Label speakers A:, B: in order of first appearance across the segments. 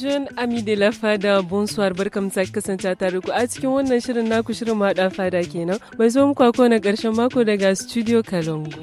A: Jeune ami de la fada, bonsoir, barkam ta kasance tare ku a cikin wannan shirin naku shirin maɗa fada kenan. Bai zo muku ako na ƙarshen mako daga Studio Kalongo.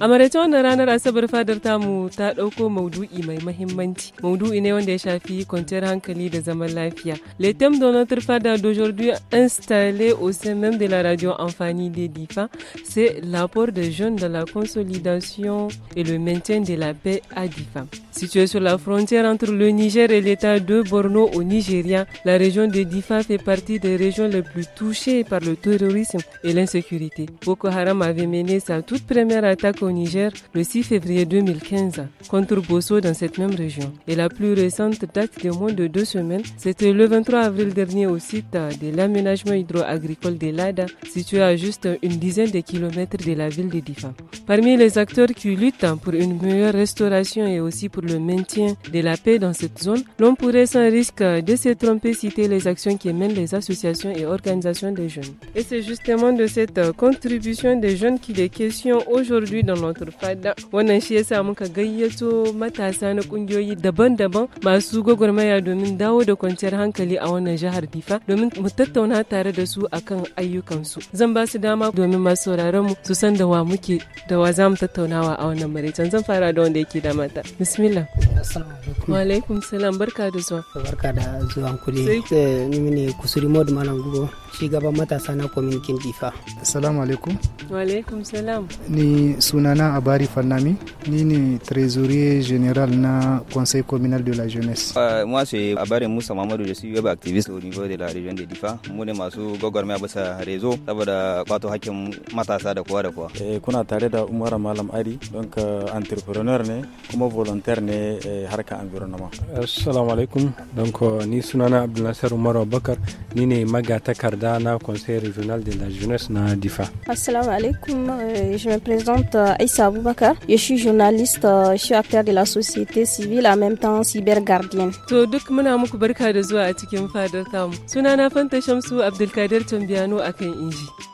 A: A maraice wannan ranar Asabar fadar tamu ta dauko maudu'i mai mahimmanci. Maudu'i ne wanda ya shafi kwanciyar hankali da zaman lafiya. Le thème de notre fada d'aujourd'hui installé au sein même de la radio Amfani de Difa, c'est l'apport des jeunes dans la consolidation et le maintien de la paix à Difa. Situé sur la frontière entre le Niger et l'État de Borno au Nigeria, la région de Difa fait partie des régions les plus touchées par le terrorisme et l'insécurité. Boko Haram avait mené sa toute première attaque au Niger le 6 février 2015 contre Bosso dans cette même région. Et la plus récente date de moins de deux semaines, c'était le 23 avril dernier au site de l'aménagement hydro-agricole de Lada, situé à juste une dizaine de kilomètres de la ville de Difa. Parmi les acteurs qui luttent pour une meilleure restauration et aussi pour le maintien de la paix dans cette zone, l'on peut s'assurer sans risque de se tromper, citer les actions qui mènent les associations et organisations des jeunes. Et c'est justement de cette euh, contribution des jeunes qui est question aujourd'hui dans notre FADA. Wannan shi yasa muka gayyato matasa na kungiyoyi daban-daban masu gwagwarmaya domin dawo da kwanciyar hankali a wannan jihar Difa domin mu tattauna tare da su akan ayyukansu. Zan ba su dama domin masu mu su da wa muke da wa zam tattaunawa a wannan maraicen. Zan fara da yake da mata. Bismillah. Assalamu alaikum. Wa alaikum salam. Barka zuwa
B: barka da zuwan kudi eh, ni ne kusuri mod malam gubo shugaban matasa na kwamitin difa assalamu alaikum alaikum salam ni
C: sunana abari fannami ni ne trésorier général na conseil communal de la
D: jeunesse uh, moi c'est abari musa mamadou je suis web activiste au niveau de la région de difa mu ne masu gwagwarmaya bisa rezo saboda kwato hakkin matasa da kowa da kowa
E: eh, kuna tare da umar malam Ali don ka euh, entrepreneur ne kuma volontaire ne eh, harka environnement
F: assalamu alaikum don euh, ni sunana abdulnasir umar abubakar ni ne magatakar candidat na conseil régional de la jeunesse na Difa.
G: Assalamu alaikum, euh, je me présente euh, Aïssa Aboubakar. Je suis journaliste, euh, je suis acteur de la société civile en même temps cybergardienne.
A: To duk muna muku barka da zuwa a cikin fadar tamu. Sunana Fanta Shamsu Abdulkadir Tambiano akan Inji.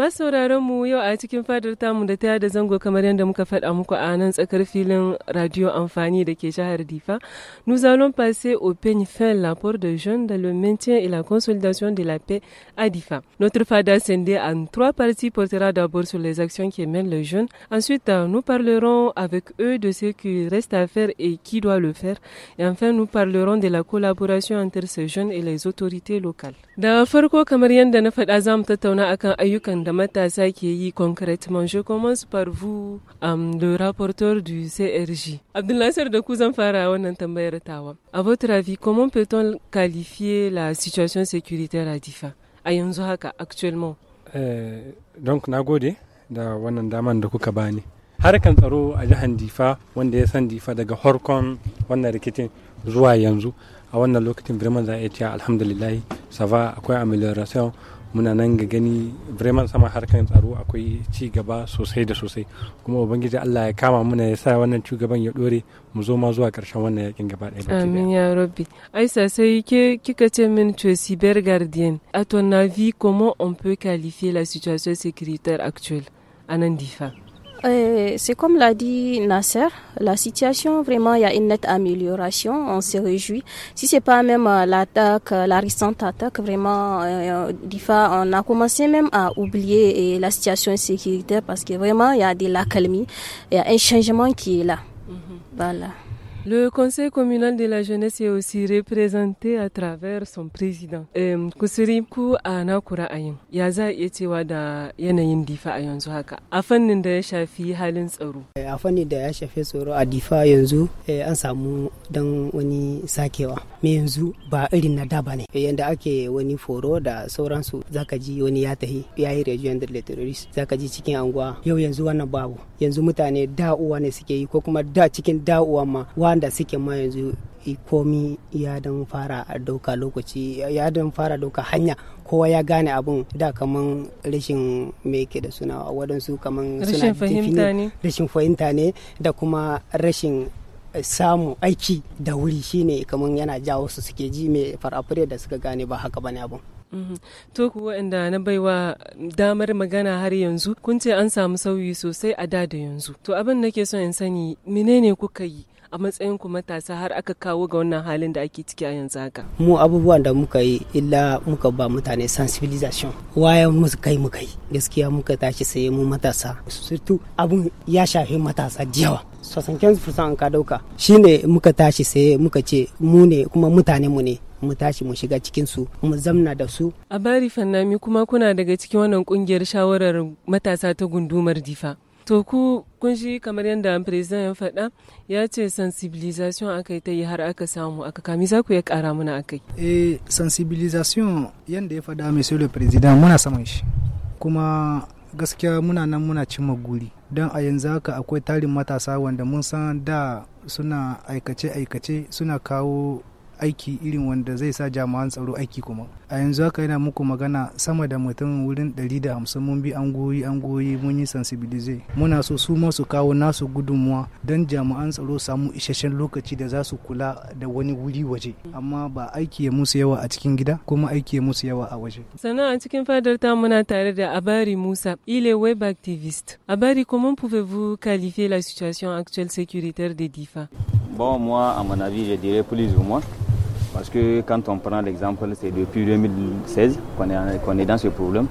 A: Nous allons passer au peigne fin l'apport de jeunes dans le maintien et la consolidation de la paix à Difa. Notre fada SND en trois parties portera d'abord sur les actions qui mènent les jeunes. Ensuite, nous parlerons avec eux de ce qui reste à faire et qui doit le faire. Et enfin, nous parlerons de la collaboration entre ces jeunes et les autorités locales. Da farko kamar yadda na faɗa za mu tattauna akan ayyukan da matasa ke yi konkret je commence par vous um, le rapporteur du CRJ. Abdulnasir da ku zan fara wannan tambayar tawa. A votre avis comment peut-on qualifier la situation sécuritaire à Difa? A yanzu haka actuellement.
F: Eh, donc na gode da wannan daman da kuka bani. Harkan tsaro a jihar Difa wanda ya san Difa daga horkon wannan rikicin zuwa yanzu a wannan lokacin bremen za a iya cewa alhamdulillahi sava akwai amelioration muna nan ga gani bremen sama harkar tsaro akwai ci gaba sosai da sosai kuma ubangiji allah ya kama muna ya sa wannan shugaban ya dore mu zo ma zuwa karshen wannan yakin gaba ɗaya
A: amin ya rabbi aisa sai ke kika ce min to cyber gardien à ton avis comment on peut qualifier la situation sécuritaire actuelle a nan difa
G: c'est comme l'a dit Nasser, la situation vraiment il y a une nette amélioration, on se réjouit. Si c'est pas même euh, l'attaque, euh, la récente attaque, vraiment euh, Difa, on a commencé même à oublier la situation sécuritaire parce que vraiment il y a de l'accalmie, il y a un changement qui est là. Mhm. Voilà.
A: Le conseil communal de la jeunesse est aussi représenté à travers son président. Kusuri ku a naku ayin ya za a iya cewa da yanayin difa a yanzu haka a fannin da ya shafi halin tsaro. Eh, a fannin da ya shafi
B: tsaro a difa yanzu eh, an samu dan wani sakewa. Me yanzu ba irin na da ne. Eh, yanda ake wani foro da sauransu zaka ji wani ya tahi ya yi rejiyon da terrorist zaka ji cikin anguwa yau yanzu wannan babu yanzu mutane da'uwa ne suke yi ko kuma da cikin da'uwa ma wanda suke ma yanzu komi ya dan fara doka lokaci ya dan fara doka hanya kowa ya gane abun da kaman rashin me ke da suna waɗansu kaman suna rashin fahimta ne da kuma rashin samu aiki da wuri shine kaman yana jawo su suke ji mai farafure da suka gane ba haka bane abun
A: mm-hmm. to ku waɗanda na baiwa damar magana har yanzu kun ce an samu sauyi sosai a da da yanzu to abin nake son in sani menene kuka yi a matsayin ku matasa har aka kawo ga wannan halin da ake ciki a yanzu haka
B: mu abubuwan da muka yi illa muka ba mutane sensibilization wayan musu kai muka yi gaskiya muka tashi sai mu matasa surtu abun ya shafi matasa jiyawa sosanken fusan ka dauka shine muka tashi sai muka ce mu ne kuma mutane mu ne mu tashi mu shiga cikin su mu zamna da su
A: a bari fannami kuma kuna daga cikin wannan kungiyar shawarar matasa ta gundumar difa To ku kun shi kamar yadda president ya faɗa ya ce sensibilisation aka yi ta yi har aka samu aka kami za ku ya ƙara muna aka yi. Eh sensibilisation yadda ya faɗa
C: monsieur le president muna saman shi kuma gaskiya muna nan muna cimma guri don a yanzu haka akwai tarin matasa wanda mun san da suna aikace-aikace suna kawo aiki irin wanda zai sa jami'an tsaro aiki kuma a yanzu haka yana muku magana sama da mutum wurin 150 mun bi an goyi an goyi mun yi sensibilize muna so su ma su kawo nasu gudunmuwa don jami'an tsaro samu isasshen lokaci da za su kula da wani wuri waje amma ba aiki ya musu yawa a cikin gida kuma aiki ya musu yawa a waje
A: sannan a cikin fadar ta muna tare da abari musa ile web activist abari comment pouvez-vous qualifier la situation actuelle sécuritaire de difa
D: bon moi à mon avis je dirais plus ou moins Parce que quand on prend l'exemple, c'est depuis 2016 qu'on est, dans ce problème.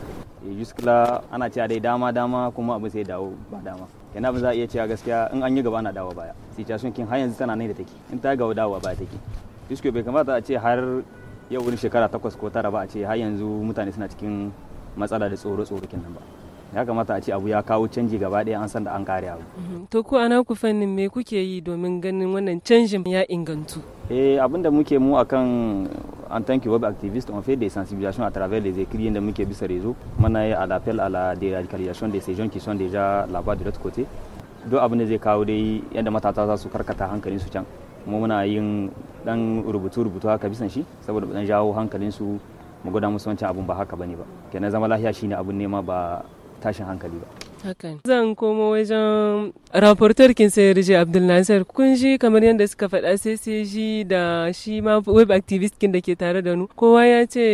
D: Et jusque-là, on a dai dama dama des dames, sai dawo dama. a iya cewa gaskiya an yi gaba dames, dawo baya. Situation kin har yanzu a ce har yau ba a har yanzu ya kamata a ce abu ya kawo canji gaba ɗaya an san da an kare abu.
A: Mhm. To ku ana ku fannin me kuke yi domin ganin wannan canjin ya ingantu?
D: Eh abin da muke mu akan en tant que web activiste on fait des sensibilisation à travers les écrits de muke bisa rezo muna yi à l'appel à la déradicalisation des ces qui sont déjà là-bas de l'autre côté. Duk abin da zai kawo dai yadda matata za su karkata hankalin su can. Mu muna yin dan rubutu-rubutu haka bisan shi saboda dan jawo hankalin su mu gwada musu wancan abun ba haka bane ba. Kenan zama lafiya shine abun nema ba tashin hankali ba
A: zan komo wajen
D: raportar kin sai rije abdulnasir
A: kun ji kamar yadda suka faɗa sai sai ji da shi ma web activist kin da ke tare da nu kowa ya ce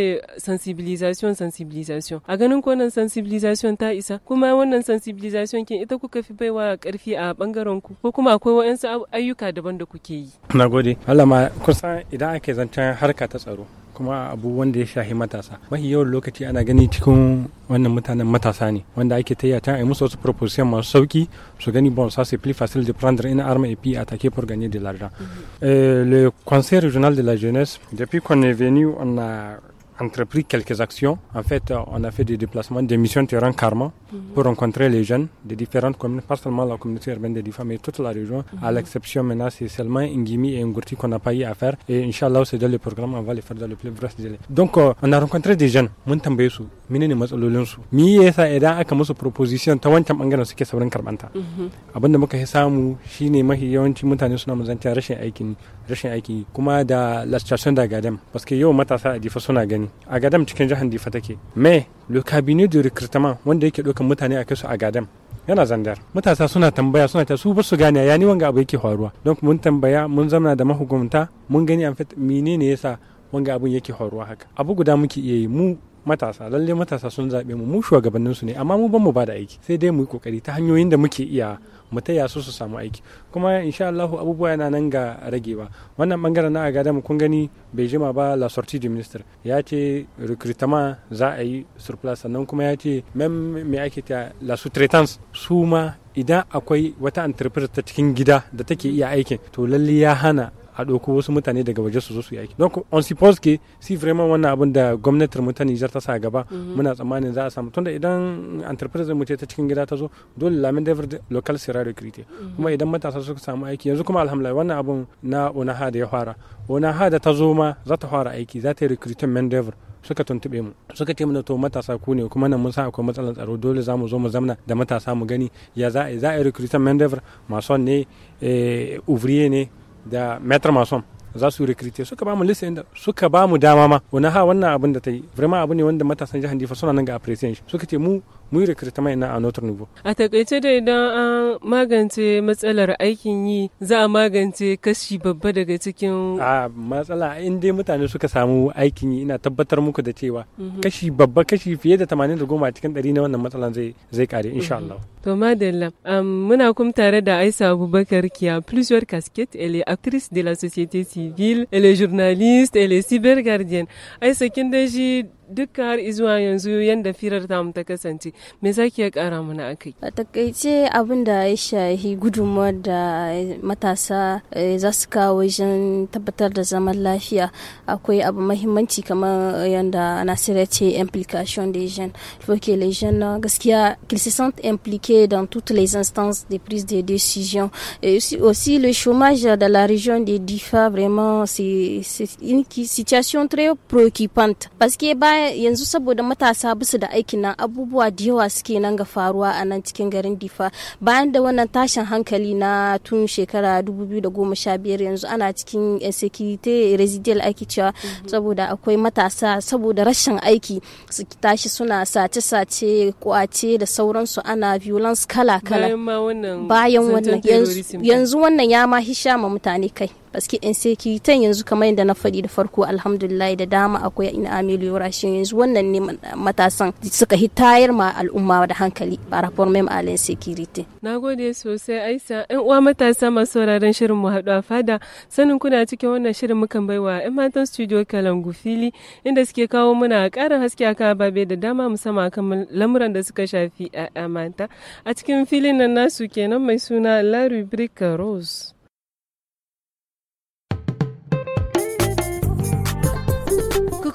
A: sensibilisation sensibilisation a ganin ko wannan sensibilisation ta isa kuma wannan sensibilisation kin ita kuka fi baiwa karfi a bangaren ku ko kuma akwai wa'ansu ayyuka daban da
F: kuke yi nagode Allah ma kusan idan ake zancen harka ta tsaro kuma abu wanda ya shahi matasa mafi yawan lokaci ana gani cikin wannan mutanen matasa ne wanda ake tayya can ai musu wasu proposition masu sauki su gani bon ça c'est plus facile de prendre une arme et puis attaquer pour gagner de l'argent mhm. euh, le conseil régional de la jeunesse depuis qu'on est venu on a entrepris quelques actions. En fait, on a fait des déplacements, des missions de terrain karma pour rencontrer les jeunes des différentes communes, pas seulement la communauté urbaine des DIFA, mais toute la région. À mhm. l'exception maintenant, c'est seulement Ngimi et Ngurti qu'on n'a pas eu à faire. Et Inch'Allah, c'est dans le programme, on va les faire dans le plus bref délai. Donc, euh, on a rencontré des jeunes, Muntambesu, menene matsalolin su me yasa idan aka musu proposition ta wancan bangaren suke saurin karbanta mhm. abin da muka samu shine mafi yawanci mutane suna muzanta rashin aikin rashin aiki kuma da lastration da gadam paske yau matasa a difa suna gani a gadam cikin jihar difa take me le cabinet de recrutement wanda yake dokan mutane a su a gadam yana zandar matasa suna tambaya suna ta su ba su gane ya ni wanga abu yake faruwa don mun tambaya mun zamana da mahukunta mun gani an menene yasa wanga abun yake faruwa haka abu guda muke iya yi mu matasa lalle matasa sun zaɓe mu mu shugabannin su ne amma mu ban mu ba da aiki sai dai mu yi kokari ta hanyoyin da muke iya mu taya su su samu aiki kuma insha Allah abubuwa yana nan ga ragewa wannan bangaren na agada mu kun gani bai jima ba la sortie du ministre ya ce recrutement za a yi surplus sannan kuma ya ce mem me ake ta la sous-traitance su ma idan akwai wata entreprise ta cikin gida da take iya aikin to lalle ya hana a ɗauko wasu mutane daga waje su zo su yaki aiki donc on suppose que si vraiment wannan abun da gwamnatin mu ta Nijar ta sa gaba mhm. muna tsammanin za a samu tunda idan entreprise mu ce ta cikin gida ta zo dole la main d'oeuvre local sera recrutée mhm. kuma idan matasa suka samu aiki yanzu kuma alhamdulillah wannan abun na onaha da ya fara onaha da ta zo ma za ta fara aiki za ta yi recruiting main ka suka tuntube mu suka ce mana to matasa ku ne kuma nan mun san akwai matsalar tsaro dole za mu zo mu zamna da matasa mu gani ya za a yi za a yi recruiting ne eh, ouvrier ne da metro mason za su rekrite suka bamu lissa inda suka mu dama ma wani ha wannan abin da ta yi vraiment abu ne wanda matasan jihar difa suna nan ga appreciation suka ce mu mu yi recruitment na a notre niveau
A: a takaice da idan an magance matsalar aikin yi za a magance
F: kashi babba daga cikin a matsala in dai mutane suka samu aikin yi ina tabbatar muku da cewa mhm. kashi babba kashi fiye da 80 a cikin 100 na wannan matsalan zai zai kare insha mhm. Allah
A: to madalla muna kuma tare da Aisha Abubakar Kiya a plusieurs casquettes elle est actrice de la société civile elle est journaliste elle est gardienne Aisha kin da shi duka har izuwa yanzu yadda firar tamu ta kasance me zaki ya kara mana akai a
G: takaice abin da ya shahi gudunmuwar da eh, matasa eh, za su kawo wajen tabbatar da zaman lafiya akwai abu mahimmanci kamar yadda nasir ce implication des jeunes faut que les jeunes gaskiya qu'ils se sentent impliqués dans toutes les instances de prise de décision et aussi, aussi le chômage dans la région des Difa vraiment c'est une situation très préoccupante parce que bah, yanzu saboda matasa bisu da aikin nan abubuwa da yawa suke nan ga faruwa a nan cikin garin difa bayan da wannan tashin hankali na tun shekara 2015 yanzu ana cikin eh, sekirite residual aiki cewa mhm. saboda akwai matasa saboda rashin aiki su tashi suna sace-sace kwace da sauransu ana violence kala-kala
A: bayan wannan
G: yanzu wannan ya ma hisha ma mutane kai paske insecurity yanzu kamar yadda na faɗi da farko alhamdulillah da dama akwai ina shi yanzu wannan ne matasan suka hitayar ma al'umma da hankali ba rapport mem a insecurity
A: nagode sosai aisa yan uwa matasa masu sauraron shirin mu haɗu fada sanin kuna cikin wannan shirin mukan baiwa yan matan studio kalangu fili inda suke kawo muna ƙarin haske akan ababe da dama musamman akan lamuran da suka shafi 'ya'ya mata a cikin filin nan nasu kenan mai suna Larry Brick rose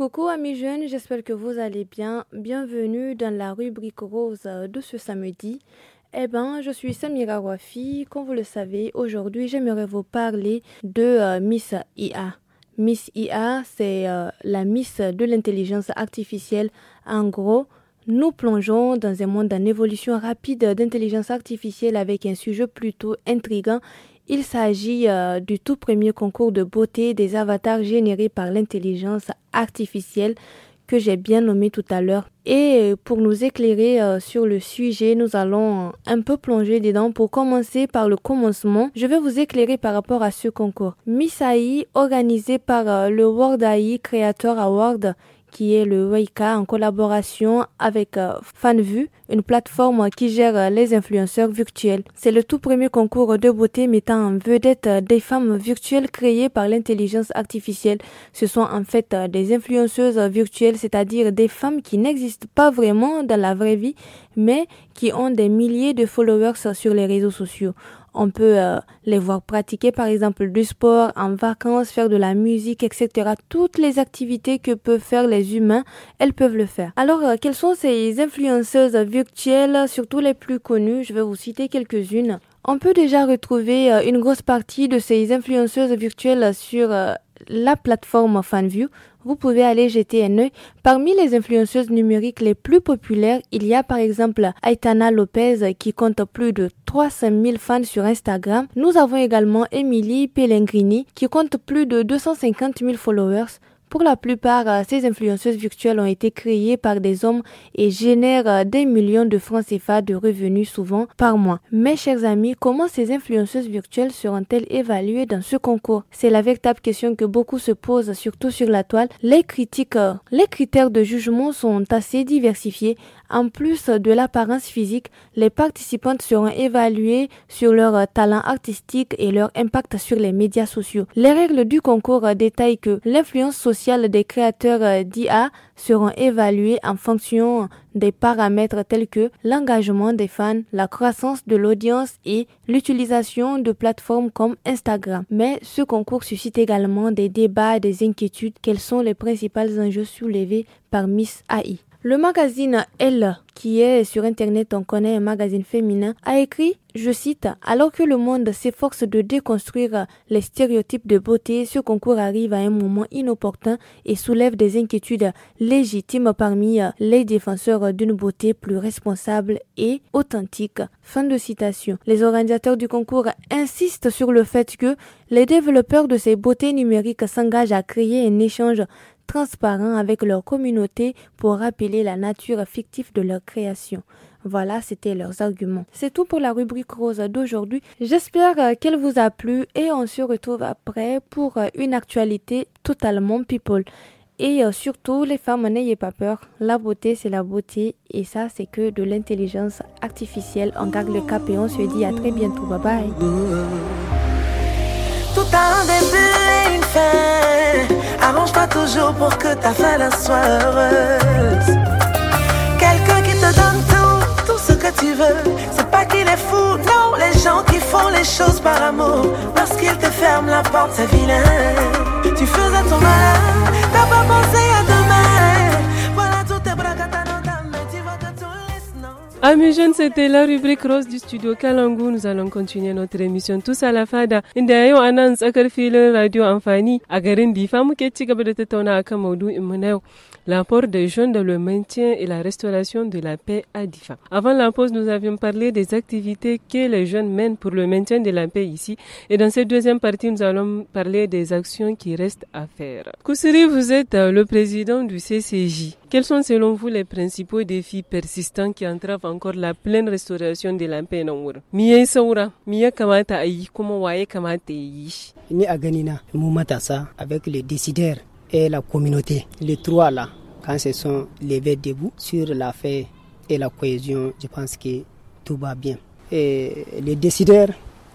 H: Coucou amis jeunes, j'espère que vous allez bien. Bienvenue dans la rubrique rose de ce samedi. Eh bien, je suis Samira Wafi. Comme vous le savez, aujourd'hui, j'aimerais vous parler de euh, Miss IA. Miss IA, c'est euh, la Miss de l'intelligence artificielle. En gros, nous plongeons dans un monde en évolution rapide d'intelligence artificielle avec un sujet plutôt intrigant il s'agit euh, du tout premier concours de beauté des avatars générés par l'intelligence artificielle que j'ai bien nommé tout à l'heure. Et euh, pour nous éclairer euh, sur le sujet, nous allons un peu plonger dedans. Pour commencer par le commencement, je vais vous éclairer par rapport à ce concours. Miss AI, organisé par le World AI Creator Award, qui est le Weika en collaboration avec euh, FanVue, une plateforme qui gère euh, les influenceurs virtuels. C'est le tout premier concours de beauté mettant en vedette euh, des femmes virtuelles créées par l'intelligence artificielle. Ce sont en fait des influenceuses virtuelles, c'est-à-dire des femmes qui n'existent pas vraiment dans la vraie vie, mais qui ont des milliers de followers sur les réseaux sociaux on peut euh, les voir pratiquer par exemple du sport, en vacances, faire de la musique, etc. Toutes les activités que peuvent faire les humains, elles peuvent le faire. Alors, euh, quelles sont ces influenceuses virtuelles, surtout les plus connues Je vais vous citer quelques-unes. On peut déjà retrouver euh, une grosse partie de ces influenceuses virtuelles sur la plateforme FanView vous pouvez aller jeter un œil. Parmi les influenceuses numériques les plus populaires, il y a par exemple Aitana Lopez qui compte plus de 300 000 fans sur Instagram. Nous avons également Emily Pellegrini qui compte plus de 250 000 followers. Pour la plupart, euh, ces influenceuses virtuelles ont été créées par des hommes et génèrent euh, des millions de francs CFA de revenus souvent par mois. Mes chers amis, comment ces influenceuses virtuelles seront-elles évaluées dans ce concours C'est la véritable question que beaucoup se posent, surtout sur la toile. Les critiques, euh, les critères de jugement sont assez diversifiés en plus de l'apparence physique, les participantes seront évaluées sur leur talent artistique et leur impact sur les médias sociaux. Les règles du concours détaillent que l'influence sociale des créateurs d'IA seront évaluées en fonction des paramètres tels que l'engagement des fans, la croissance de l'audience et l'utilisation de plateformes comme Instagram. Mais ce concours suscite également des débats et des inquiétudes. Quels sont les principaux enjeux soulevés par Miss AI le magazine Elle, qui est sur Internet, on connaît un magazine féminin, a écrit, je cite, Alors que le monde s'efforce de déconstruire les stéréotypes de beauté, ce concours arrive à un moment inopportun et soulève des inquiétudes légitimes parmi les défenseurs d'une beauté plus responsable et authentique. Fin de citation. Les organisateurs du concours insistent sur le fait que les développeurs de ces beautés numériques s'engagent à créer un échange transparents avec leur communauté pour rappeler la nature fictive de leur création. Voilà, c'était leurs arguments. C'est tout pour la rubrique rose d'aujourd'hui. J'espère euh, qu'elle vous a plu et on se retrouve après pour euh, une actualité totalement people. Et euh, surtout, les femmes, n'ayez pas peur. La beauté, c'est la beauté. Et ça, c'est que de l'intelligence artificielle. On garde le cap et on se dit à très bientôt. Bye bye. Tout
I: arrange pas toujours pour que ta femme soit heureuse. Quelqu'un qui te donne tout, tout ce que tu veux. C'est pas qu'il est fou, non. Les gens qui font les choses par amour, lorsqu'ils te ferment la porte, c'est vilain. Tu faisais ton mal' t'as pas pensé
A: Amis jeunes, c'était la rubrique rose du studio Kalangu. Nous allons continuer notre émission tous à la fada. anan tsakar radio amfani a garin Difa gaba da tattauna akan L'apport des jeunes dans le maintien et la restauration de la paix à Difa. Avant la pause, nous avions parlé des activités que les jeunes mènent pour le maintien de la paix ici. Et dans cette deuxième partie, nous allons parler des actions qui restent à faire. Kusiri, vous êtes euh, le président du CCJ. Quels sont selon vous les principaux défis persistants qui entravent encore la pleine restauration de la paix dans kamata kuma waye kamata
B: a avec les décideurs et la communauté les trois là quand se sont levés debout sur la paix et la cohésion je pense que tout va bien et les décideurs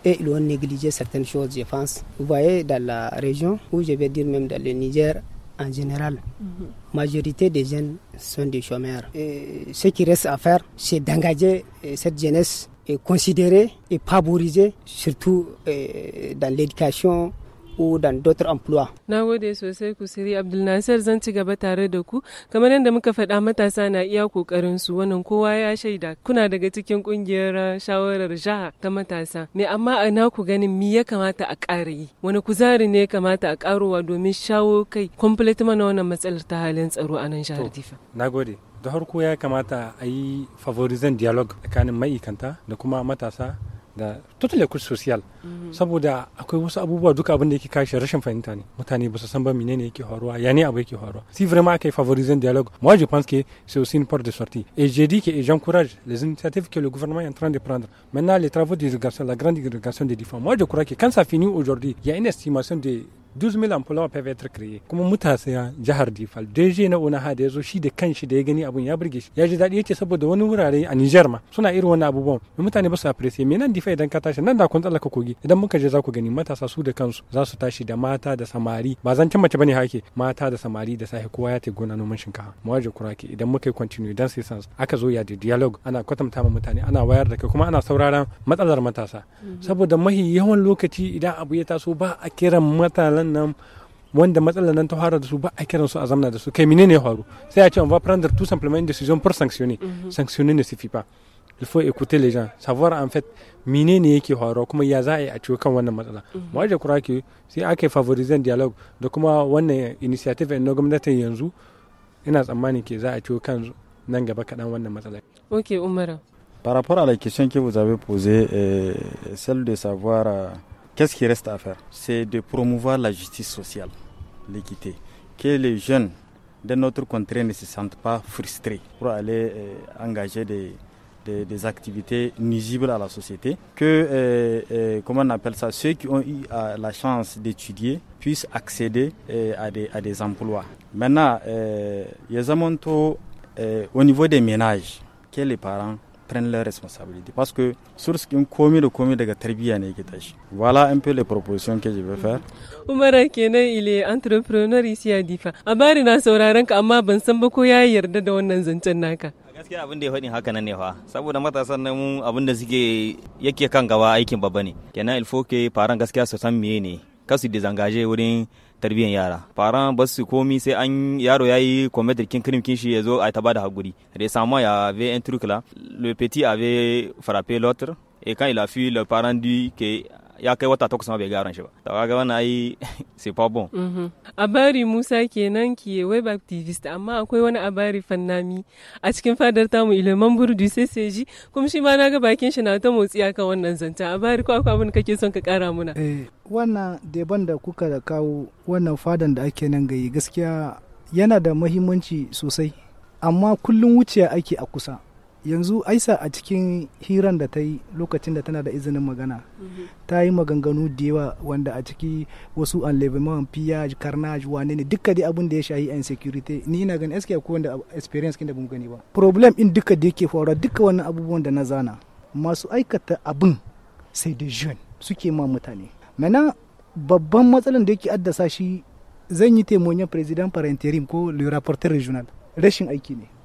B: et ils ont négligé certaines choses, je pense. Vous voyez, dans la région, ou je vais dire même dans le Niger en général, mhm majorité des jeunes sont des chômeurs. ce qui reste à faire, c'est d'engager euh, cette jeunesse et considérer et favoriser, surtout euh, dans l'éducation, ko dan d'autres emplois.
A: Na gode sosai ku Siri Abdulnasir zan ci gaba tare da ku. Kamar yadda muka faɗa matasa na iya kokarin su wannan kowa ya shaida. Kuna daga cikin kungiyar shawarar jaha ta matasa. Me amma a na ku ganin me ya kamata a ƙara yi? Wani kuzari ne ya kamata a ƙarowa domin shawo kai complete mana wannan matsalar ta halin tsaro a nan jihar Difa.
F: Na gode. Da harko ya kamata a yi favorizan dialogue tsakanin ma'aikanta da kuma matasa toutes les courses social mhm. saboda akwai wasu abubuwa duka yake kashi rashin fahimta ne mutane ba su san ba menene yake ya ne abu yake si vraiment il faut favoriser dialogue moi je pense que c'est aussi une porte de sortie et j'ai dit que j'encourage les initiatives que le gouvernement est en train de prendre maintenant les travaux d'irrigation la grande irrigation des différents moi je crois que quand ça finit aujourd'hui il y a une estimation des 12 employer peuvent être créés kuma mutasiya jihar Difal DG na Onaha da zo shi da kanshi da ya gani abun ya burge shi ya ji daɗi yace saboda wani wurare a Niger ma suna irin wannan abubuwan mutane ba su appreciate me nan Difa idan ka tashi nan da kun tsallaka kogi idan muka je za ku gani matasa su da kansu za su tashi da mata da samari ba zancen mace bane hake mata da samari da sahi kowa ya ta gona noman shinkafa mu waje kurake idan muka yi continue dan sai sans aka zo ya da dialogue ana kwatanta ma mutane ana wayar da kai kuma ana sauraron matsalar matasa saboda mahi yawan lokaci idan abu ya taso ba a kiran matalan mutanen nan wanda matsalar nan ta fara da su ba a kiran su a zamna da su kai menene ne ya faru sai a ce on va prendre tout simplement une décision pour sanctionner mhm. sanctionner ne suffit pas il faut écouter les gens savoir en fait mine ne yake faruwa kuma ya za a yi a ciwo kan wannan matsala mu aje kura ke sai ake favoriser dialogue da kuma wannan initiative na gwamnatin yanzu ina tsammani ke za a ciwo kan nan gaba kaɗan wannan matsala
A: ok umara
E: par rapport à la question que vous avez posée, euh, celle de savoir euh, Qu'est-ce qui reste à faire C'est de promouvoir la justice sociale, l'équité, que les jeunes de notre contrée ne se sentent pas frustrés pour aller euh, engager des, activités nuisibles à la société, que, euh, euh, comment on appelle ça, ceux qui ont eu la chance d'étudier puissent accéder à des, à, des, emplois. Maintenant, euh, au niveau des ménages, que les parents prennent leurs responsabilités. Parce que source in komi da komi daga tarbiyya ne yake tashi. Voilà un peu les propositions que je vais faire.
A: Umar kenan il est entrepreneur ici à Difa. A bari na sauraron ka amma ban san ba ko ya yarda da wannan zancen naka.
D: gaskiya abin da ya faɗin haka nan ne fa saboda matasan nan mu abin da suke yake kan gaba aikin babba ne kenan ilfo ke faran gaskiya su san meye ne kasu da zangaje wurin tarbiyyar yara fara ba su komi sai an yaro yayi comedic kin krim kin shi yazo ai ta da haguri récemment il y avait un truc là le petit avait frappé l'autre et quand il a fui le parent dit que ya kai wata takwas ma bai gyaran shi ba to kaga wannan ai c'est bon
A: mhm. abari Musa kenan ki web activist amma akwai wani abari fannami a cikin fadar tamu ilman burdu sai sai ji kuma shi ma na ga bakin shi na ta motsi akan wannan zanta abari ko akwai abin kake son ka kara muna eh
C: wannan deban da kuka da kawo wannan fadan da ake nan gayi gaskiya yana da muhimmanci sosai amma kullum wuciya ake a kusa yanzu aisa a cikin hiran da ta yi lokacin da tana da izinin magana ta yi maganganu da yawa wanda a ciki wasu an enlèvement piyaj carnage wane ne duka dai abin da ya shahi insecurity ni ina ganin eske ko wanda experience kin da gani ba problem in duka da yake faruwa duka wannan abubuwan da na zana masu aikata abin sai da jeune suke ma mutane mana babban matsalan da yake addasa shi zan yi taimonyan president par ko le rapporteur regional rashin aiki ne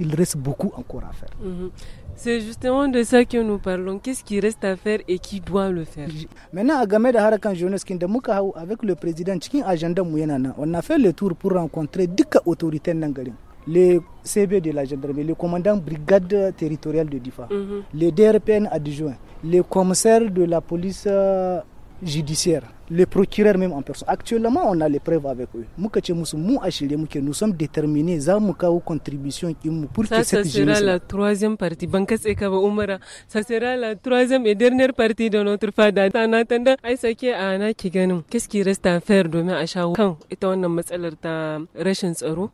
C: il reste beaucoup encore à faire.
A: Mhm. C'est justement de ça que nous parlons. Qu'est-ce qui reste à faire et qui doit le faire
C: Maintenant, à Gamé de Harakan Jeunesse avec le président Chikin Agenda Mouyenana, on a fait le tour pour rencontrer autorités autorités. Les CB de la gendarmerie, le commandant brigade territoriale de DIFA, mhm. le les DRPN adjoints, les commissaires de la police euh, judiciaire, le procureur même en personne. Actuellement, on a les preuves avec eux. Nous sommes déterminés contribution pour ça, que cette ça sera la
A: troisième partie. Umara, ça sera la troisième et dernière partie de notre fada. En attendant, Ana Kiganou, qu'est-ce qui reste à faire demain à Chao Quand étant en matière de Russian Euro,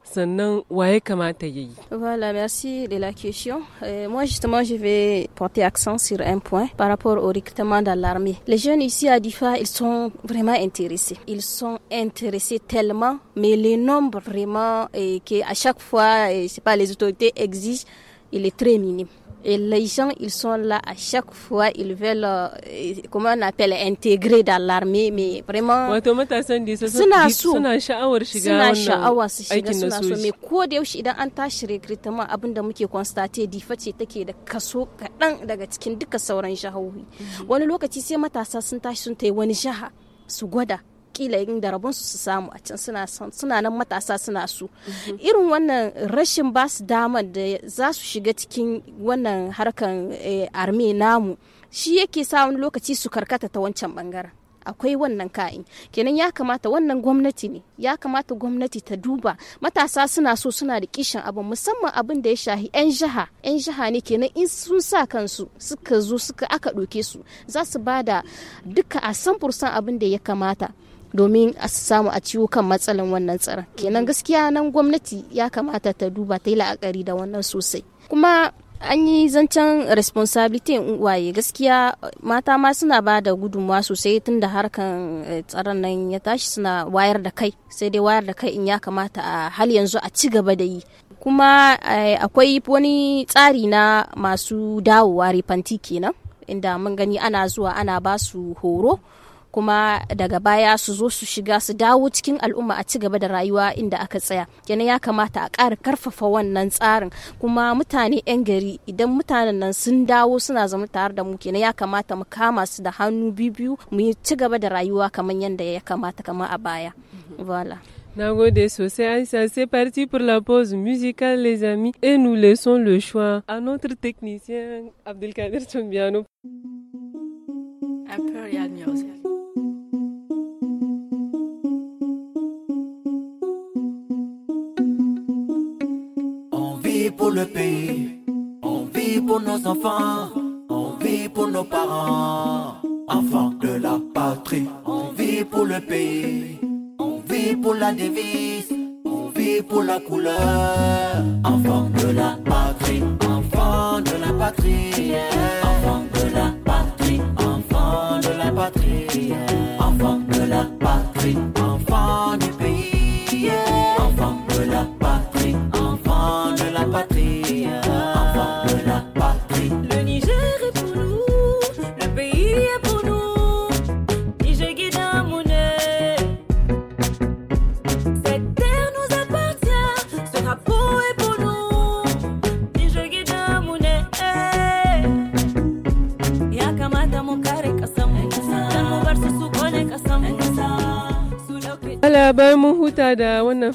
A: kamata yi.
G: Voilà, merci de la question. Euh, moi, justement, je vais porter accent sur un point par rapport au recrutement dans l'armée. Les jeunes ici à Difa, ils sont vraiment intéressés. Ils sont intéressés tellement, mais le nombre vraiment eh, qu'à chaque fois, c'est euh, pas, les autorités exigent, il est très minime. Et les gens, ils sont là à chaque fois, ils veulent, euh, euh, comment on appelle, intégrer dans l'armée, mais
A: vraiment. Wato matasan da su suna so suna sha'awar shiga suna sha'awa su shiga suna so me
G: ko da yaushe idan an tashi recruitment abin da muke constate difa ce take da kaso kaɗan daga cikin duka sauran shahohi mhm. wani lokaci sai matasa sun tashi sun tai wani jaha su gwada kila yin da rabon su su samu a can suna nan matasa suna su irin wannan rashin ba su dama da za su shiga cikin wannan harkan eh, arme namu shi yake sa wani lokaci su karkata ta wancan bangaren akwai wannan ka'in kenan ya kamata wannan gwamnati ne ya kamata gwamnati ta duba matasa suna so suna da kishin abu musamman abin da ya shahi 'yan jiha 'yan jiha ne kenan in sun sa kansu suka zo suka aka ɗauke su za su ba da duka a samfursan abin da ya kamata domin a samu a ciwo kan matsalan wannan tsaron kenan gaskiya nan gwamnati ya kamata ta duba ta yi la'akari da wannan sosai kuma an yi zancen responsibility uwaye gaskiya mata ma suna ba da gudunmawa sosai tun da harkan eh, tsaron nan ya tashi suna wayar da kai sai dai wayar da kai in ya kamata a hal yanzu a ci gaba da yi kuma eh, akwai wani tsari na masu dawowa rifanti kenan inda mun gani ana zuwa ana ba su horo kuma daga baya su zo su shiga su dawo cikin al'umma a ci gaba da rayuwa inda aka tsaya kenan ya kamata a ƙara karfafa wannan tsarin kuma mutane 'yan gari idan mutanen nan sun dawo suna zama tare da mu kenan ya kamata mu kama su da hannu biyu mu yi ci gaba da rayuwa kamar yadda ya kamata kama a baya voilà.
A: gode sosai Aisha c'est parti pour la pause musicale les amis et nous laissons le choix à notre technicien Abdelkader Tombiano.
H: Imperial Music.
C: On vit pour nos enfants, on vit pour nos parents. Enfants de la patrie, on vit pour le pays. On vit pour la devise, on vit pour la
I: couleur. Enfants de la patrie, enfants de la patrie, enfants de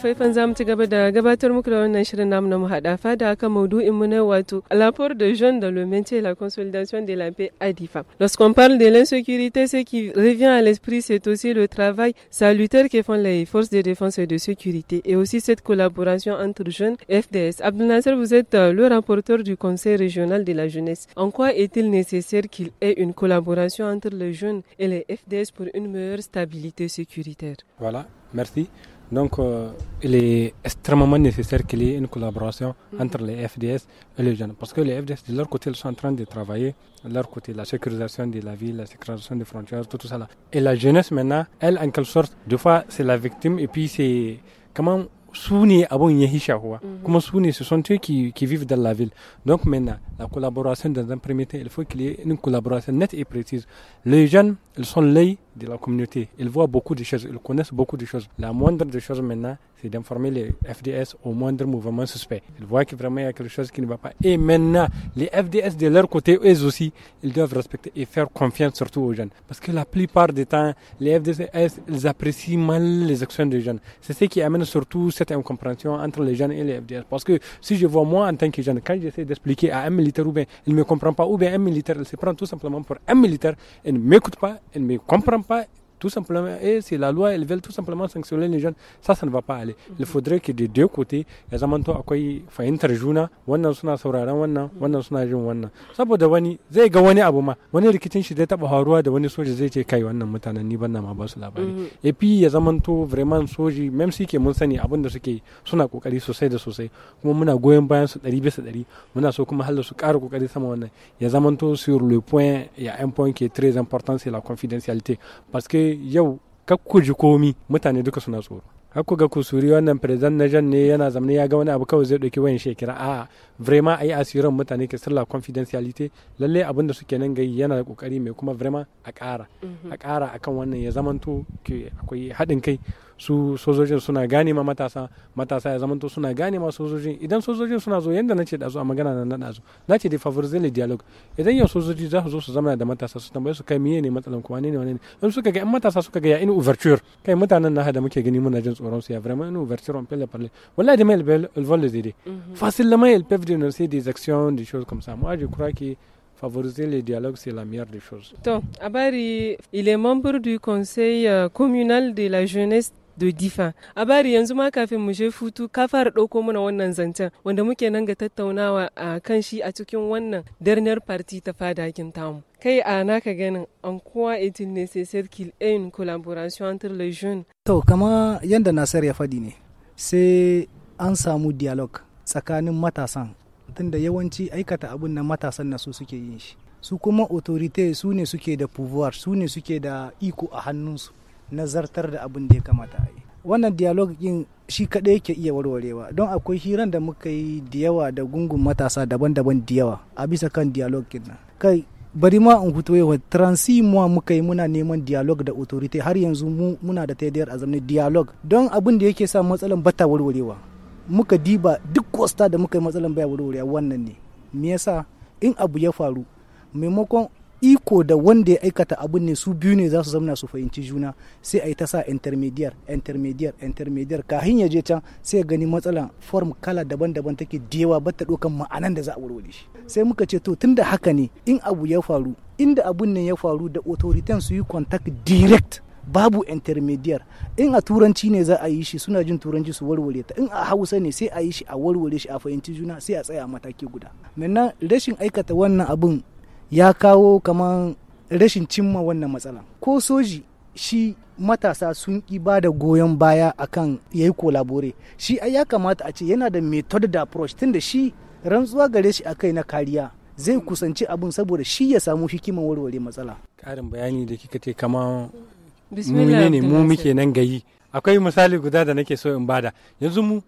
A: l'apport de jeunes dans le métier la consolidation de la paix à Difa. Lorsqu'on parle de l'insécurité, ce qui revient à l'esprit, c'est aussi le travail salutaire que font les forces de défense et de sécurité et aussi cette collaboration entre jeunes FDS. Abdel Nasser, vous êtes euh, le rapporteur du Conseil régional de la jeunesse. En quoi est-il nécessaire qu'il y ait une collaboration entre les jeunes et les FDS pour une meilleure stabilité sécuritaire
F: Voilà, merci. Donc, euh, il est extrêmement nécessaire qu'il y ait une collaboration mhm. entre les FDS et les jeunes. Parce que les FDS, de leur côté, ils sont en train de travailler, de leur côté, la sécurisation de la ville, la sécurisation des frontières, tout, ça. Là. Et la jeunesse, maintenant, elle, en quelque sorte, des fois, c'est la victime et puis c'est. Comment souvenir vous abun shahuwa mhm. ce sont eux qui, qui vivent dans la ville donc maintenant la collaboration dans un premier temps il faut qu'il y ait une collaboration nette et précise les jeunes ils sont l'œil de la communauté ils voient beaucoup de choses ils connaissent beaucoup de choses la moindre des choses maintenant c'est d'informer les FDS au moindre mouvement suspect. Ils voient que vraiment il y a quelque chose qui ne va pas. Et maintenant, les FDS de leur côté, eux aussi, ils doivent respecter et faire confiance surtout aux jeunes. Parce que la plupart des temps, les FDS, ils apprécient mal les actions des jeunes. C'est ce qui amène surtout cette incompréhension entre les jeunes et les FDS. Parce que si je vois moi en tant que jeune, quand j'essaie d'expliquer à un militaire ou bien il ne me comprend pas, ou bien un militaire, il se prend tout simplement pour un militaire, il ne m'écoute pas, il ne me comprend pas, tout simplement, et c'est la loi, elles veulent tout simplement sanctionner les jeunes. Ça, ça ne va pas aller. Il mhm. faudrait que des deux côtés, ya zamanto akwai fahimtar juna, wannan suna sauraron wannan, wannan suna jin wannan. Saboda wani zai ga wani abu ma, wani rikicin shi zai taba faruwa da wani soji zai ce kai wannan mutanen ni ban na ma ba su labari. Et mhm. puis ya zamanto vraiment soji, même si ke mun sani abin da suke suna kokari sosai da sosai, kuma muna goyen bayan su ɗari bisa ɗari, muna so kuma halda su kokari sama wannan. Ya zamanto sur le point, il y a un point qui est très important, c'est la confidentialité. Parce que yau kakku ji komi mutane duka suna tsoro ku ga kusuri wannan firizan na jan ne yana zamani ya ga wani abu kawai zai ɗauki wayan shekara a vraiment a yi asirin mutane ke sallah confidentiality lalle abin da suke nan gai yana da kokari mai kuma vraiment a ƙara mhm. a ƙara akan wannan ya zamanto ke akwai haɗin kai su sojojin suna gane ma matasa matasa ya zamanto suna gane ma sojojin idan sojojin suna zo yanda nace da zo a magana na na zo nace da favorizele dialogue idan yau sojoji za su zo su zama da matasa su tambaye su kai miye ne matsalan ku wane ne wane ne in suka ga in matasa suka ga ya in overture kai mutanen na da muke gani muna jin tsoron su ya vraiment in overture on pelle parler wallahi da mai ils veulent les aider mhm. facilement ils peuvent dénoncer des actions, des choses comme ça. Moi, je crois que favoriser les dialogues, c'est la meilleure des choses. Donc,
A: Abari, il est membre du conseil euh, communal de la jeunesse de difa Abari, bari yanzu ma kafin mu je futu ka fara ɗauko wannan zancen wanda muke nan ga tattaunawa a kan shi a cikin wannan darnar parti ta fadakin tamu kai a naka ganin an kowa itin ne sai circle in collaboration entre les jeunes
C: to kama yanda Nasir ya fadi ne sai an samu dialogue tsakanin matasan tunda yawanci aikata abin na matasan na su suke yin shi su kuma autorite su ne suke da pouvoir su ne suke da iko a hannunsu na zartar da abin da ya kamata a yi wannan dialog din shi kaɗai yake iya warwarewa don akwai hiran da muka yi da yawa da gungun matasa daban-daban da yawa a bisa kan dialog nan kai bari ma in fito yawa transi muwa muka yi muna neman diyalog da autorite har yanzu muna da taidiyar azamni diyalog. don abin da yake sa matsalan bata warwarewa muka diba duk kosta da muka yi matsalan baya wuri a wannan ne me yasa in abu ya faru maimakon iko da wanda ya aikata abin ne su biyu ne za su zamna su fahimci juna sai a yi ta sa intermediate intermediate intermediate kahin ya je can sai gani matsalan form kala daban-daban take dewa ba ta ɗaukan ma'anan da za a warware shi sai muka ce to tunda haka ne in abu ya faru inda abun ne ya faru da authority su yi contact direct babu intermediate in a turanci ne za a yi shi suna jin turanci su warware ta in a hausa ne sai a yi shi a warware shi a fahimci juna sai a tsaya a mataki guda nan rashin aikata wannan abin ya kawo kamar rashin cimma wannan matsala ko soji shi matasa sun ki ba da goyon baya akan ya yi kolabore shi ya kamata a ce yana da method da approach tunda shi rantsuwa gare shi a kai na kariya zai kusanci abin saboda shi ya samu hikiman warware matsala
F: ƙarin bayani da kika ce kama mu ne mu muke nan gayi akwai misali guda da nake so in bada yanzu mu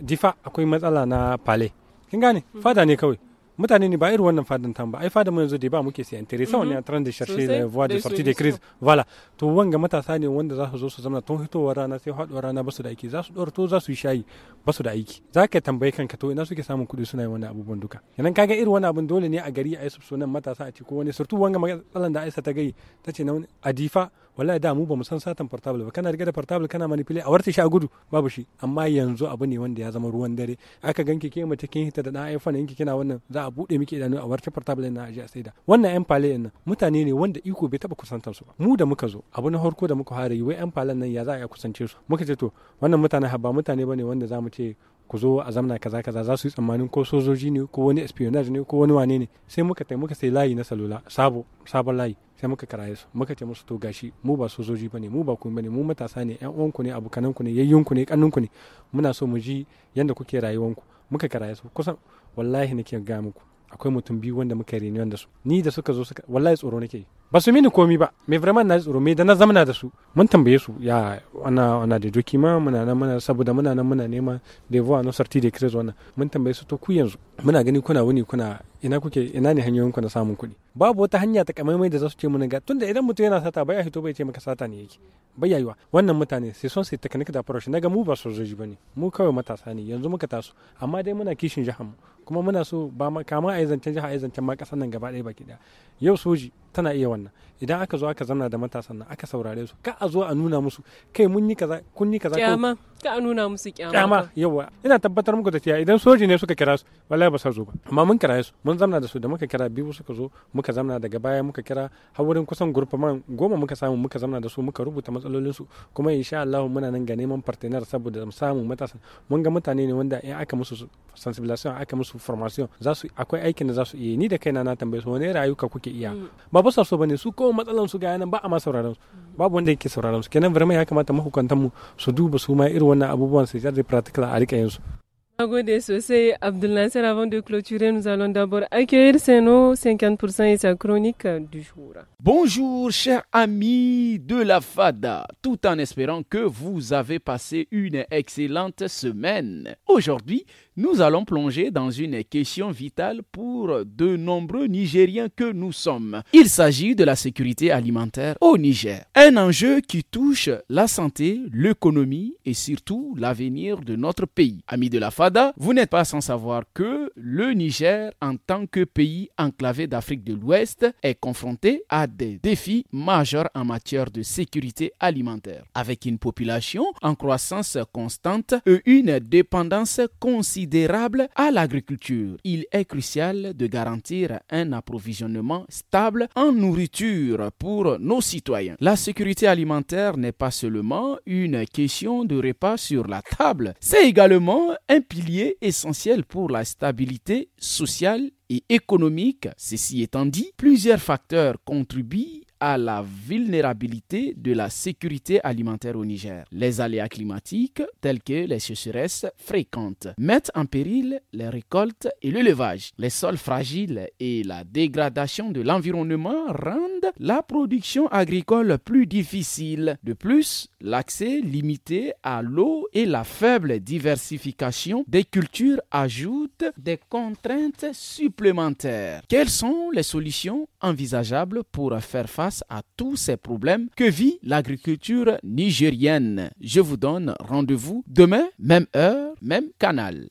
F: difa akwai matsala na pale kin gane hmm. fada ne kawai mutane ne ba irin wannan fadan tan ba ai fada mu yanzu da ba muke siyan tare sai wannan hmm. trend da sharshe da voix de sortie de crise voilà to wanga matasa ne wanda za su zo su zama tun hitowar rana sai haduwar rana su da aiki za su dora to za su yi shayi ba su da aiki za ka tambaye kanka to ina suke samun kuɗi suna yin wannan abubuwan duka yanan kaga irin wannan abun dole ne a gari a yi su matasa a ci ko wani surtu wanga matsalan da Aisha ta gai ta ce na adifa wallahi da mu bamu san satan portable ba kana rike da portable kana manipulate a warta shi a gudu babu shi amma yanzu abu ne wanda ya zama ruwan dare aka ganki ke mace kin hita da dan iPhone yanki kina wannan za a bude miki idanu a warta portable na aje a saida wannan yan pale nan mutane ne wanda iko bai taba kusantar su mu da muka zo abu na harko da muka fara yi wai yan pale nan ya za a kusance su muka ce to wannan mutane ba mutane bane wanda za mu ce ku zo a zamana kaza kaza za su yi tsammanin ko sojoji ne ko wani espionage ne ko wani wane ne sai muka tai muka sai layi na salula sabo sabon layi sai muka karaye su muka ce musu to gashi mu ba sojoji bane mu ba ku bane mu matasa ne yan uwanku ne kananku ne ku ne ku ne muna so mu ji yanda kuke ku muka karaye su kusan wallahi nake ga muku akwai mutum biyu wanda muka reunion da su ni da suka zo suka wallahi tsoro nake ba su mini komi ba me vraiment na tsoro me da na zamana da su mun tambaye su ya ana ana da doki ma muna nan muna saboda muna nan muna nema da yawa na sarti da kiris wannan mun tambaye su to ku yanzu muna gani kuna wuni kuna ina kuke ina ne hanyoyin ku na samun kuɗi babu wata hanya ta kamaimai da za su ce mun ga tunda idan mutum yana sata baya hito bai ce maka sata ne yake bai yayuwa wannan mutane sai son sai technique da approach naga mu ba sojoji bane mu kawai matasa ne yanzu muka taso amma dai muna kishin jihar mu kuma muna so ba kama a yi zancen jiha a yi zancen ma ƙasar nan gaba ɗaya baki ɗaya yau soji تنا ايوانا idan aka zo aka zamna da matasan nan aka saurare su ka a zo a nuna musu kai mun yi kaza kun yi kaza kyama
A: ka a nuna musu kyama kyama
F: yawa ina tabbatar muku da cewa idan soji ne suka kira su wallahi ba sa zo ba amma mun kira su mun zamna da su da muka kira biyu suka zo muka zamna daga baya muka kira har wurin kusan gurfaman goma muka samu muka zamna da su muka rubuta matsalolin su kuma insha Allah muna nan ga neman partner saboda mu samu matasan mun ga mutane ne wanda in aka musu sensibilisation aka musu formation za su akwai aikin da za su yi ni da kaina na tambaye su wani rayuka kuke iya mm. ba ba sa so bane su ko yawan matsalan su ga yanan ba a ma sauraron su babu wanda yake sauraron su kenan vraiment ya kamata mahukantan mu su duba su ma irin wannan abubuwan su jar practical a rika yin su
A: Avant de clôturer, nous allons d'abord accueillir 50% et sa chronique du jour. Bonjour, chers amis
I: de la FADA, tout en espérant que vous avez passé une excellente semaine. Aujourd'hui, nous allons plonger dans une question vitale pour de nombreux Nigériens que nous sommes. Il s'agit de la sécurité alimentaire au Niger, un enjeu qui touche la santé, l'économie et surtout l'avenir de notre pays. Amis de la FADA, vous n'êtes pas sans savoir que le Niger, en tant que pays enclavé d'Afrique de l'Ouest, est confronté à des défis majeurs en matière de sécurité alimentaire, avec une population en croissance constante et une dépendance considérable à l'agriculture. Il est crucial de garantir un approvisionnement stable en nourriture pour nos citoyens. La sécurité alimentaire n'est pas seulement une question de repas sur la table, c'est également un essentiel pour la stabilité sociale et économique. Ceci étant dit, plusieurs facteurs contribuent à la vulnérabilité de la sécurité alimentaire au Niger. Les aléas climatiques, tels que les sécheresses fréquentes, mettent en péril les récoltes et l'élevage. Les sols fragiles et la dégradation de l'environnement rendent la production agricole plus difficile. De plus, l'accès limité à l'eau et la faible diversification des cultures ajoutent des contraintes supplémentaires. Quelles sont les solutions envisageables pour faire face à tous ces problèmes que vit l'agriculture nigérienne. Je vous donne rendez-vous demain, même heure, même canal.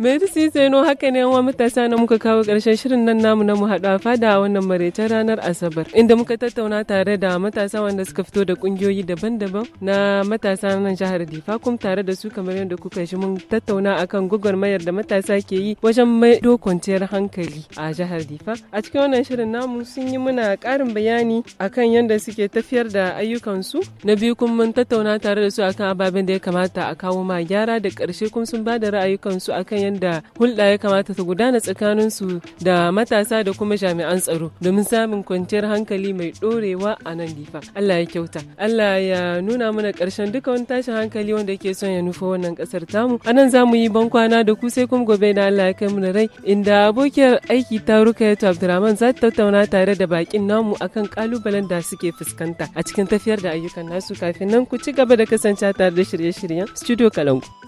A: Merci no haka ne wa matasa na muka kawo ƙarshen shirin nan namu na mu haɗu a fada wannan maraicen ranar Asabar inda muka tattauna tare da matasa wanda suka fito da ƙungiyoyi daban-daban na matasa nan jihar Difa kum tare da su kamar yadda kuka shi mun tattauna akan mayar da matasa ke yi wajen maido kwanciyar hankali a jihar Difa. A cikin wannan shirin namu sun yi muna ƙarin bayani akan yadda suke tafiyar da ayyukansu na biyu kuma mun tattauna tare da su akan ababen da ya kamata a kawo ma gyara da ƙarshe kuma sun ba da ra'ayukansu akan yadda hulɗa ya kamata ta gudana tsakanin su da matasa da kuma jami'an tsaro domin samun kwanciyar hankali mai ɗorewa a nan difa Allah ya kyauta Allah ya nuna mana ƙarshen duka wani tashin hankali wanda ke son ya nufa wannan ƙasar tamu a nan za mu yi bankwana da ku sai kuma gobe na Allah ya kai mu rai inda abokiyar aiki ta Rukayatu Abdurrahman za ta tattauna tare da bakin namu akan kalubalen da suke fuskanta a cikin tafiyar da ayyukan nasu kafin nan ku ci gaba da kasancewa tare da shirye-shiryen studio kalanku.